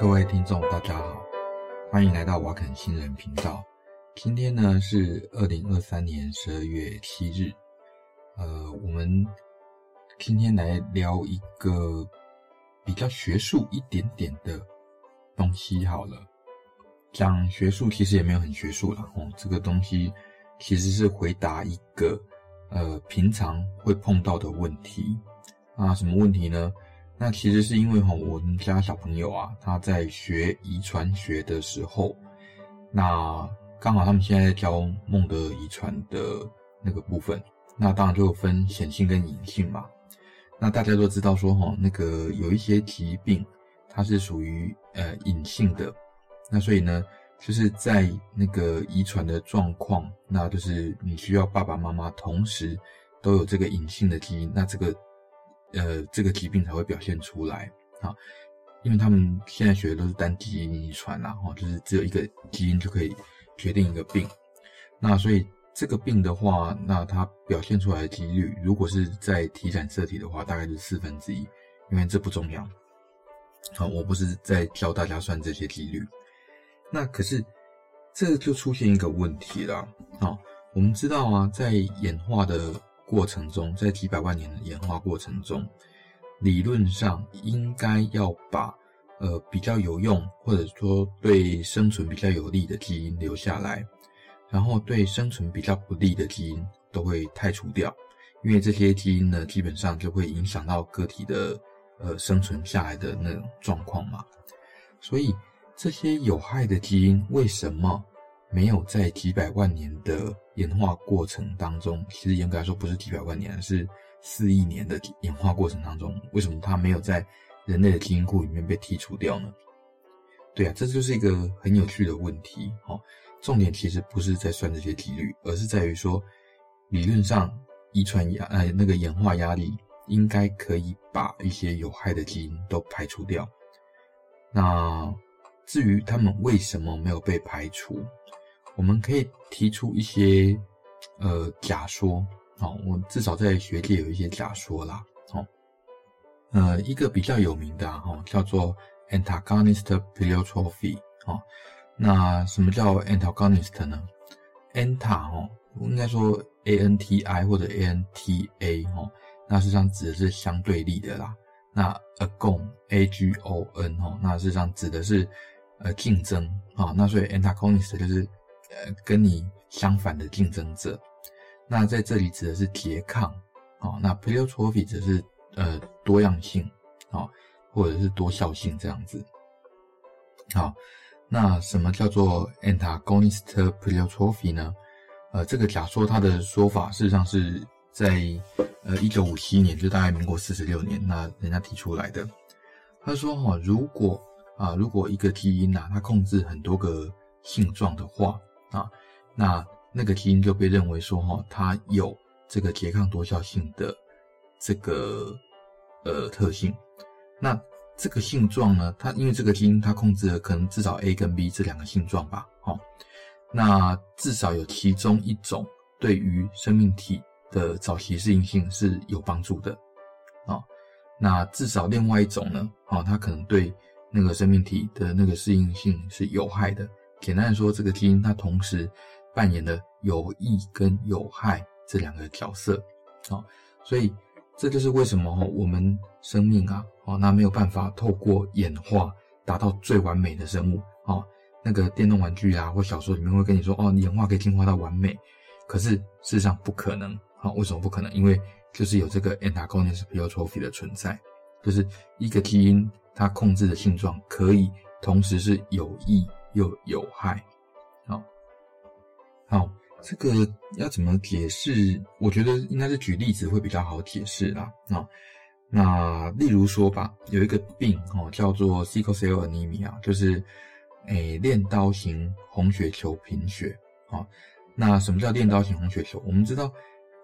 各位聽眾，大家好，歡迎來到瓦肯星人頻道。今天呢是二零二三年十二月七日，呃，我們今天來聊一個比較學術一點點的東西好了。講學術其實也沒有很學術啦哦，這個東西其實是回答一個呃平常會碰到的問題。啊，什麼問題呢？那其實是因為哈，我們家小朋友啊，他在學遺傳學的時候，那剛好他們現在在教孟德爾遺傳的那個部分，那當然就分顯性跟隱性嘛。那大家都知道說哈，那個有一些疾病它是屬於呃隱性的，那所以呢，就是在那個遺傳的狀況，那就是你需要爸爸媽媽同時都有這個隱性的基因，那這個。呃，這個疾病才會表現出來啊，因為他們現在學的都是單基因遺傳啦，哦，就是只有一個基因就可以決定一個病，那所以這個病的話，那它表現出來的幾率，如果是在體染色體的話，大概就是四分之一，因為這不重要，好，我不是在教大家算這些幾率，那可是這就出現一個問題了啊，我們知道啊，在演化的。過程中，在幾百萬年的演化過程中，理論上應該要把呃比較有用或者說對生存比較有利的基因留下來，然後對生存比較不利的基因都會汰除掉，因為這些基因呢，基本上就會影響到個體的呃生存下來的那種狀況嘛。所以這些有害的基因為什麼？沒有在幾百萬年的演化過程當中，其實嚴格來說不是幾百萬年，是四億年的演化過程當中，為什麼它沒有在人類的基因庫裡面被剔除掉呢？對啊，這就是一個很有趣的問題。哦。重點其實不是在算這些幾率，而是在於說，理論上遺傳壓呃那個演化壓力應該可以把一些有害的基因都排除掉。那至於他們為什麼沒有被排除？我們可以提出一些呃假說啊、哦，我至少在學界有一些假說啦。哦，呃，一個比較有名的哈、啊哦、叫做 antagonist pleiotropy 哈、哦。那什麼叫 antagonist 呢？anta 哈，Ant a, 哦、我應該說 anti 或者 anta 哈、哦，那實際上指的是相對立的啦。那 agon agon 哈、哦，那實際上指的是呃競爭啊、哦。那所以 antagonist 就是呃，跟你相反的競爭者，那在這裡指的是拮抗，那 pleiotropy 只是呃多樣性，或者是多效性這樣子。好，那什麼叫做 antagonist pleiotropy 呢？呃，這個假說它的說法事實上是在呃一九五七年，就大概民國四十六年，那人家提出來的。他說哦，如果啊，如果一個基因吶啊，它控制很多個性狀的話，啊、哦，那那個基因就被認為說，哈，它有這個拮抗多效性的這個呃特性。那這個性狀呢，它因為這個基因它控制了可能至少 A 跟 B 這兩個性狀吧，好、哦，那至少有其中一種對於生命體的早期適應性是有幫助的啊、哦。那至少另外一種呢，啊、哦，它可能對那個生命體的那個適應性是有害的。簡單來說，這個基因它同時扮演了有益跟有害這兩個角色，好，所以這就是為什麼我們生命啊，哦，那沒有辦法透過演化達到最完美的生物哦，那個電動玩具啊，或小說裡面會跟你說，哦，你演化可以進化到完美，可是事實上不可能啊。為什麼不可能？因為就是有這個 antagonistic pleiotropy 的存在，就是一個基因它控制的性狀可以同時是有益。又有害，好、哦、好、哦，這個要怎麼解釋？我覺得應該是舉例子會比較好解釋啦。那、哦、那例如說吧，有一個病哦，叫做 sickle cell anemia，就是誒鐮、欸、刀型紅血球貧血啊、哦。那什麼叫鐮刀型紅血球？我們知道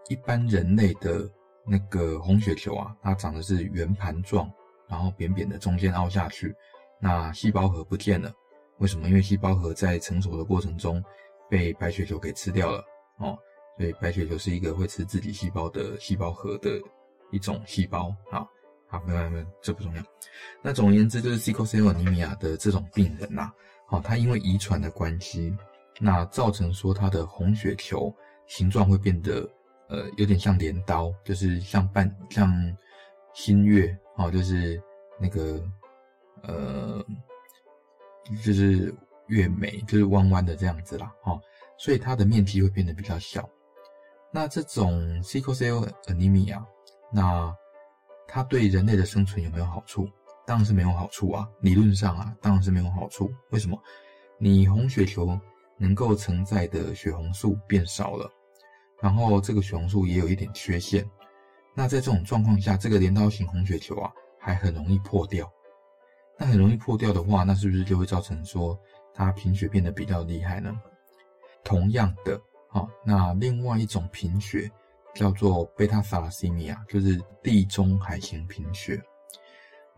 一般人類的那個紅血球啊，它長的是圓盤狀，然後扁扁的，中間凹下去，那細胞核不見了。為什麼？因為細胞核在成熟的過程中被白血球給吃掉了哦，所以白血球是一個會吃自己細胞的細胞核的一種細胞啊。好，沒有沒沒，這不重要。那總而言之，就是 sickle cell anemia 的這種病人吶、啊，好、哦，他因為遺傳的關係，那造成說他的紅血球形狀會變得呃有點像鐮刀，就是像半像新月、哦、就是那個呃。就是月眉，就是彎彎的這樣子啦，哈、哦，所以它的面積會變得比較小。那這種 sickle cell anemia 啊，那它對人類的生存有沒有好處？當然是沒有好處啊，理論上啊，當然是沒有好處。為什麼？你紅血球能夠承載的血紅素變少了，然後這個血紅素也有一點缺陷，那在這種狀況下，這個鐮刀型紅血球啊，還很容易破掉。那很容易破掉的話，那是不是就會造成說他貧血變得比較厲害呢？同樣的，好、哦，那另外一種貧血叫做貝塔塞拉西米亞，就是地中海型貧血。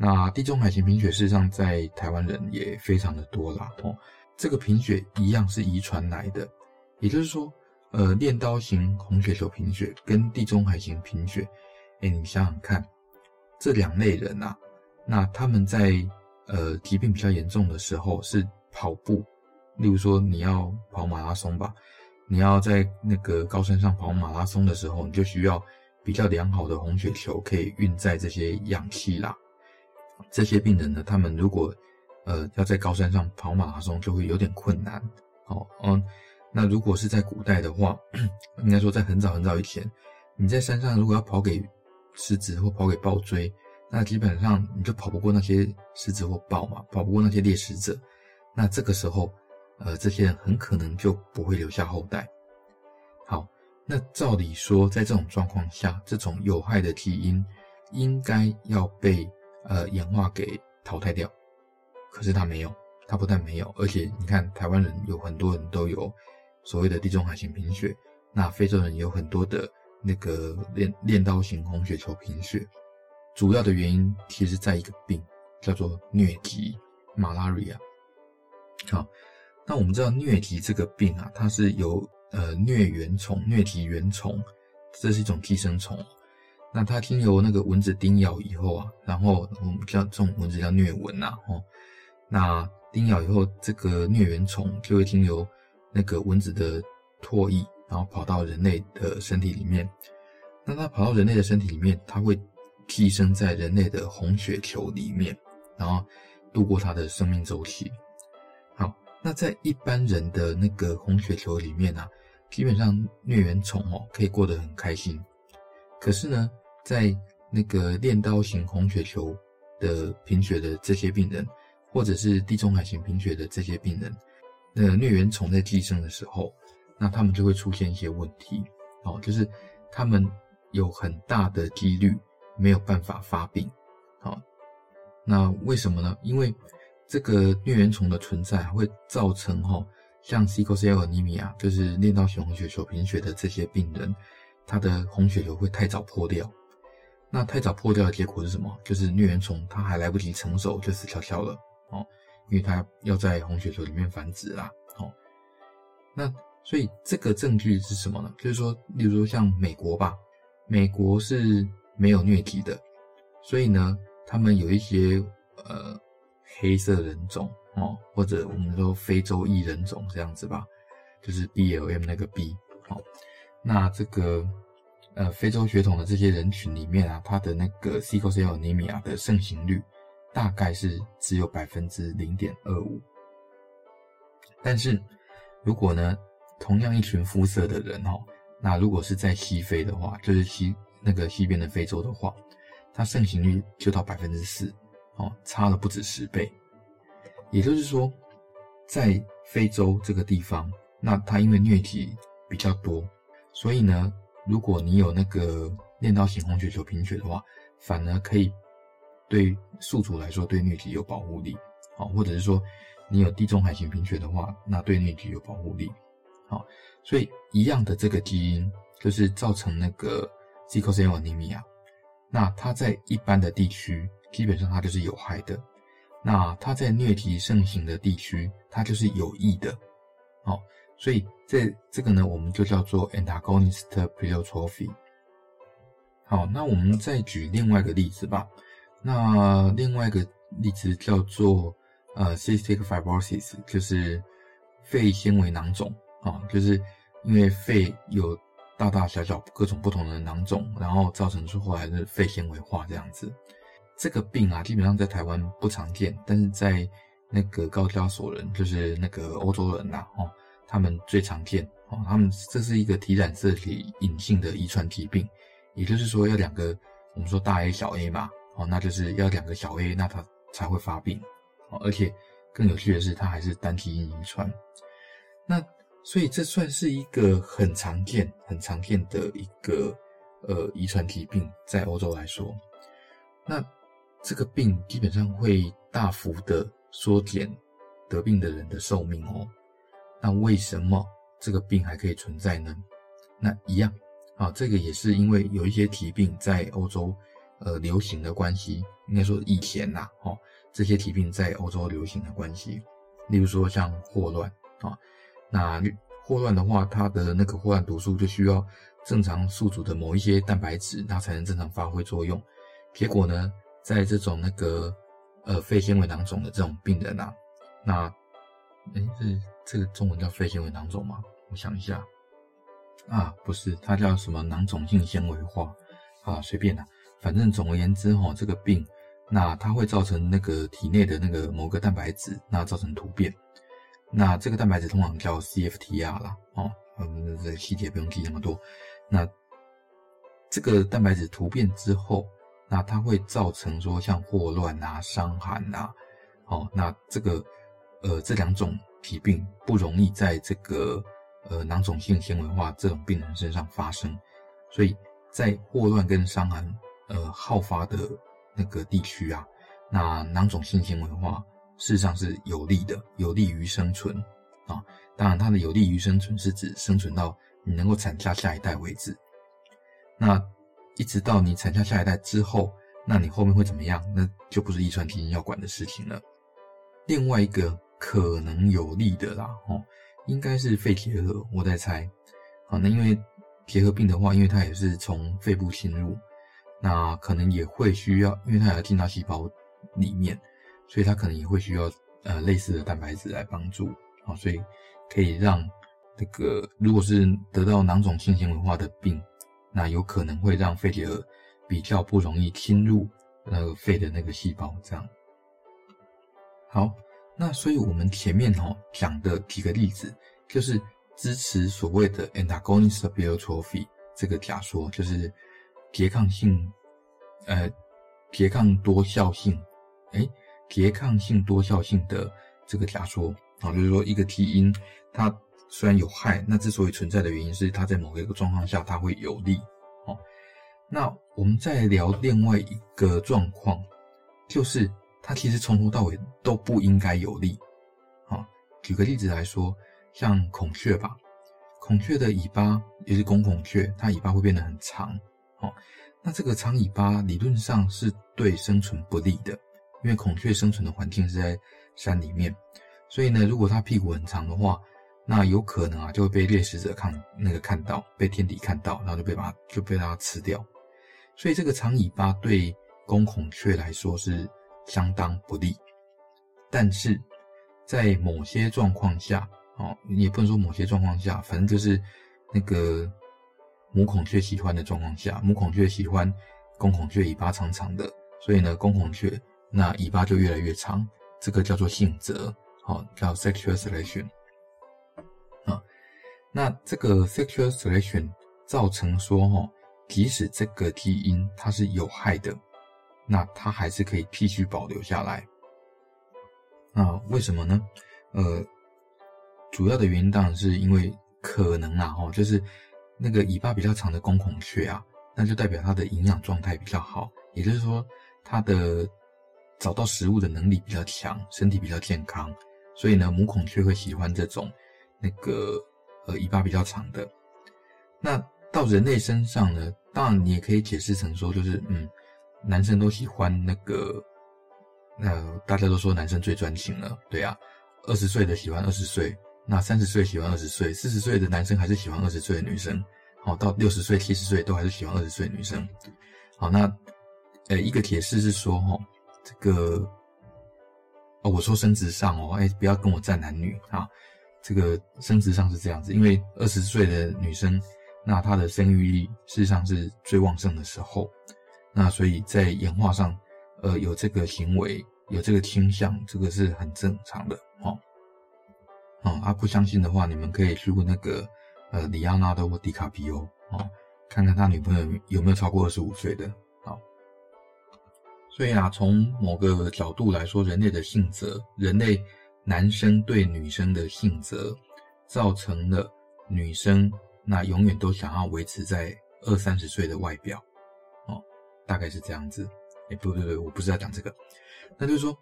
那地中海型貧血事實上在台灣人也非常的多啦。哦，這個貧血一樣是遺傳來的，也就是說，呃，鐮刀型紅血球貧血跟地中海型貧血，哎、欸，你想想看，這兩類人啊，那他們在呃，疾病比較嚴重的時候是跑步，例如說你要跑馬拉松吧，你要在那個高山上跑馬拉松的時候，你就需要比較良好的紅血球可以運載這些氧氣啦。這些病人呢，他們如果呃要在高山上跑馬拉松，就會有點困難。哦嗯，那如果是在古代的話，應該說在很早很早以前，你在山上如果要跑給獅子或跑給豹追。那基本上你就跑不過那些獅子或豹嘛，跑不過那些獵食者。那這個時候，呃，這些人很可能就不會留下後代。好，那照理說，在這種狀況下，這種有害的基因應該要被呃演化給淘汰掉。可是它沒有，它不但沒有，而且你看，台灣人有很多人都有所謂的地中海型貧血，那非洲人有很多的那個鐮鐮刀型紅血球貧血。主要的原因其實在一個病，叫做瘧疾（ malaria）。好，那我們知道瘧疾這個病啊，它是由呃瘧原蟲、瘧疾原蟲，這是一種寄生蟲。那它經由那個蚊子叮咬以後啊，然後我們叫這種蚊子叫瘧蚊吶、啊，吼、哦，那叮咬以後，這個瘧原蟲就會經由那個蚊子的唾液，然後跑到人類的身體裡面。那它跑到人類的身體裡面，它會寄生在人類的紅血球裡面，然後度過它的生命週期。好，那在一般人的那個紅血球裡面啊，基本上瘧原蟲哦可以過得很開心。可是呢，在那個鐮刀型紅血球的貧血的這些病人，或者是地中海型貧血的這些病人，那瘧原蟲在寄生的時候，那他們就會出現一些問題。哦、喔，就是他們有很大的幾率。沒有辦法發病，好、哦，那為什麼呢？因為這個瘧原蟲的存在會造成哈、哦，像 Sickle cell anemia，就是鐮刀型紅血球貧血的這些病人，他的紅血球會太早破掉。那太早破掉的結果是什麼？就是瘧原蟲它還來不及成熟就死翹翹了哦，因為它要在紅血球裡面繁殖啦哦。那所以這個證據是什麼呢？就是說，例如說像美國吧，美國是。沒有瘧疾的，所以呢，他們有一些呃黑色人種哦，或者我們說非洲裔人種這樣子吧，就是 B L M 那個 B 哦。那這個呃非洲血統的這些人群裡面啊，他的那個 Sickle cell anemia 的盛行率大概是只有百分之零點二五。但是如果呢同樣一群膚色的人哦，那如果是在西非的話，就是西那個西邊的非洲的話，它盛行率就到百分之四，哦，差了不止十倍。也就是說，在非洲這個地方，那它因為瘧疾比較多，所以呢，如果你有那個鐮刀型紅血球貧血的話，反而可以對宿主來說對瘧疾有保護力，哦，或者是說你有地中海型貧血的話，那對瘧疾有保護力，哦，所以一樣的這個基因就是造成那個。Sickle cell anemia 啊，那它在一般的地區，基本上它就是有害的。那它在瘧疾盛行的地區，它就是有益的。好，所以這這個呢，我們就叫做 antagonist pleiotropy。好，那我們再舉另外一個例子吧。那另外一個例子叫做呃 cystic fibrosis，就是肺纖維囊腫啊，就是因為肺有。大大小小各種不同的囊腫，然後造成最後還是肺纖維化這樣子。這個病啊，基本上在台灣不常見，但是在那個高加索人，就是那個歐洲人吶、啊，哦，他們最常見哦。他們這是一個體染色體隱性的遺傳疾病，也就是說要兩個，我們說大 A 小 A 嘛，哦，那就是要兩個小 A，那他才會發病哦。而且更有趣的是，它還是單基因遺傳。那所以這算是一個很常見、很常見的一個呃遺傳疾病，在歐洲來說，那這個病基本上會大幅的縮減得病的人的壽命哦。那為什麼這個病還可以存在呢？那一樣啊，這個也是因為有一些疾病在歐洲呃流行的關係，應該說以前吶、啊，哈、啊、這些疾病在歐洲流行的關係，例如說像霍亂啊。那霍亂的話，它的那個霍亂毒素就需要正常宿主的某一些蛋白質，那才能正常發揮作用。結果呢，在這種那個呃肺纖維囊腫的這種病人啊，那哎這這個中文叫肺纖維囊腫嗎？我想一下啊，不是，它叫什麼囊腫性纖維化啊，隨便啦、啊，反正總而言之吼、哦，這個病那它會造成那個體內的那個某個蛋白質那造成突變。那這個蛋白質通常叫 CFTR 啦，哦，我們的細節不用記那麼多。那這個蛋白質突變之後，那它會造成說像霍亂啊、傷寒啊，哦，那這個呃這兩種疾病不容易在這個呃囊腫性纖維化這種病人身上發生，所以在霍亂跟傷寒呃好發的那個地區啊，那囊腫性纖維化。事實上是有利的，有利於生存啊！當然，它的有利於生存是指生存到你能夠產下下一代為止。那一直到你產下下一代之後，那你後面會怎麼樣？那就不是遺傳基因要管的事情了。另外一個可能有利的啦，哦，應該是肺結核，我在猜啊。那因為結核病的話，因為它也是從肺部侵入，那可能也會需要，因為它有進到細胞裡面。所以它可能也會需要呃類似的蛋白質來幫助啊、哦，所以可以讓這個如果是得到囊腫性纖維化的病，那有可能會讓肺結核比較不容易侵入那個肺的那個細胞。這樣，好，那所以我們前面哈、哦、講的幾個例子，就是支持所謂的 antagonist pleiotropy 這個假說，就是拮抗性，呃，拮抗多效性，誒、欸。拮抗性多效性的這個假說啊、哦，就是說一個基因它雖然有害，那之所以存在的原因是它在某一個狀況下它會有利。哦，那我們再聊另外一個狀況，就是它其實從頭到尾都不應該有利。好、哦，舉個例子來說，像孔雀吧，孔雀的尾巴，也是公孔雀，它尾巴會變得很長。哦，那這個長尾巴理論上是對生存不利的。因為孔雀生存的環境是在山裡面，所以呢，如果它屁股很長的話，那有可能啊就會被獵食者看那個看到，被天敵看到，然後就被把它就被它吃掉。所以這個長尾巴對公孔雀來說是相當不利。但是在某些狀況下，哦，也不能說某些狀況下，反正就是那個母孔雀喜歡的狀況下，母孔雀喜歡公孔雀尾巴長長的，所以呢，公孔雀。那尾巴就越來越長，這個叫做性擇好、哦、叫 sexual selection 啊、哦。那這個 sexual selection 造成說，哦，即使這個基因它是有害的，那它還是可以繼續保留下來。那為什麼呢？呃，主要的原因當然是因為可能啊，哈、哦，就是那個尾巴比較長的公孔雀啊，那就代表它的營養狀態比較好，也就是說它的。找到食物的能力比較強，身體比較健康，所以呢，母孔雀會喜歡這種那個呃尾巴比較長的。那到人類身上呢，當然你也可以解釋成說，就是嗯，男生都喜歡那個呃，大家都說男生最專情了，對呀、啊，二十歲的喜歡二十歲，那三十歲喜歡二十歲，四十歲的男生還是喜歡二十歲的女生，好，到六十歲、七十歲都還是喜歡二十歲的女生。好，那呃、欸、一個解釋是說哈。這個哦，我說生殖上哦，哎，不要跟我站男女啊，這個生殖上是這樣子，因為二十歲的女生，那她的生育力事實上是最旺盛的時候，那所以在演化上，呃，有這個行為，有這個傾向，這個是很正常的哦、啊，啊，不相信的話，你們可以去問那個呃，李奧納多·狄卡皮歐啊，看看他女朋友有沒有超過二十五歲的。對啊，從某個角度來說，人類的性擇，人類男生對女生的性擇，造成了女生那永遠都想要維持在二三十歲的外表，哦，大概是這樣子。哎，不不不，我不是在講這個。那就是說，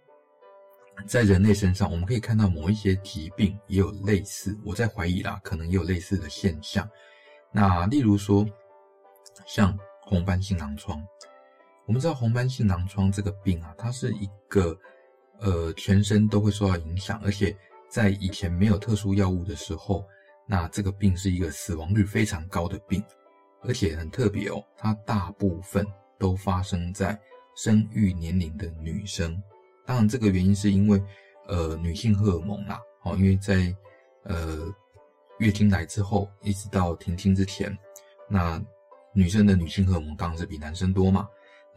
在人類身上，我們可以看到某一些疾病也有類似，我在懷疑啦，可能也有類似的現象。那例如說，像紅斑性狼瘡。我們知道紅斑性狼瘡這個病啊，它是一個呃全身都會受到影響，而且在以前沒有特殊藥物的時候，那這個病是一個死亡率非常高的病，而且很特別哦，它大部分都發生在生育年齡的女生。當然，這個原因是因為呃女性荷爾蒙啦、啊，好、哦，因為在呃月經來之後一直到停經之前，那女生的女性荷爾蒙當然是比男生多嘛。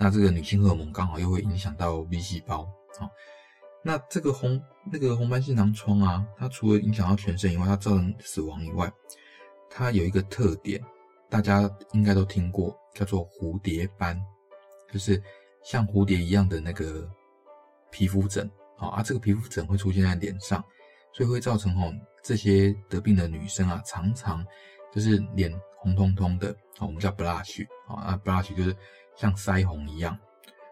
那這個女性荷爾蒙剛好又會影響到 B 細胞，好、嗯，那這個紅那個紅斑性狼瘡啊，它除了影響到全身以外，它造成死亡以外，它有一個特點，大家應該都聽過，叫做蝴蝶斑，就是像蝴蝶一樣的那個皮膚疹，啊，這個皮膚疹會出現在臉上，所以會造成哦，這些得病的女生啊，常常就是臉紅彤彤的，我們叫 blush 啊，blush 就是。像腮紅一樣，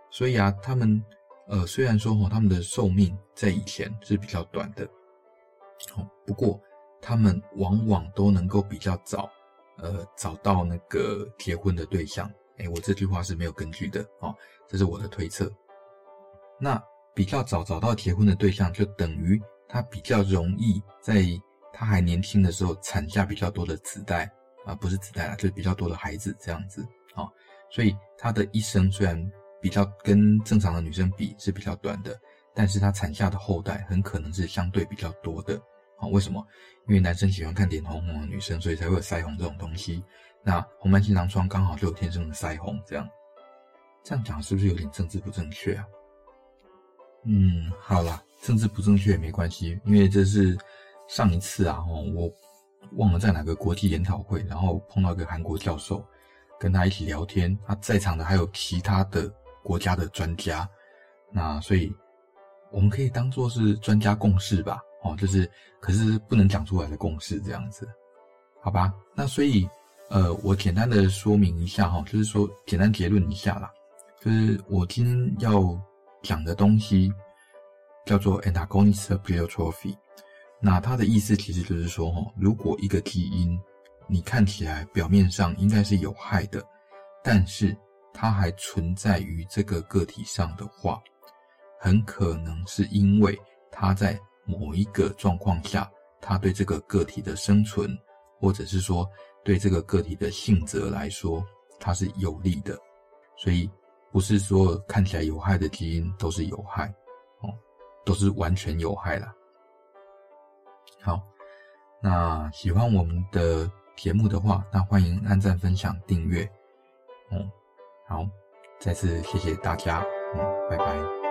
所以啊，他們，呃，雖然說他們的壽命在以前是比較短的，哦，不過他們往往都能夠比較早，呃，找到那個結婚的對象。哎、欸，我這句話是沒有根據的哦，這是我的推測。那比較早找到結婚的對象，就等於他比較容易在他還年輕的時候產下比較多的子代啊，呃，不是子代啦，就是比較多的孩子這樣子。所以她的一生雖然比較跟正常的女生比是比較短的，但是她產下的後代很可能是相對比較多的。啊、哦，為什麼？因為男生喜歡看臉紅紅的女生，所以才會有腮紅這種東西。那紅斑性狼瘡剛好就有天生的腮紅這，這樣這樣講是不是有點政治不正確啊？嗯，好啦，政治不正確也沒關係，因為這是上一次啊，我忘了在哪個國際研討會，然後碰到一個韓國教授。跟他一起聊天，他在場的還有其他的國家的專家，那所以我們可以當做是專家共識吧，哦，就是可是不能講出來的共識這樣子，好吧？那所以，呃，我簡單的說明一下哈，就是說簡單結論一下啦，就是我今天要講的東西叫做 antagonistic pleiotropy，那它的意思其實就是說哈，如果一個基因。你看起來表面上應該是有害的，但是它還存在於這個個體上的話，很可能是因為它在某一個狀況下，它對這個個體的生存，或者是說對這個個體的性擇來說，它是有利的。所以不是說看起來有害的基因都是有害哦，都是完全有害啦。好，那喜歡我們的。節目的話，那歡迎按贊、分享、訂閱，嗯，好，再次謝謝大家，嗯，拜拜。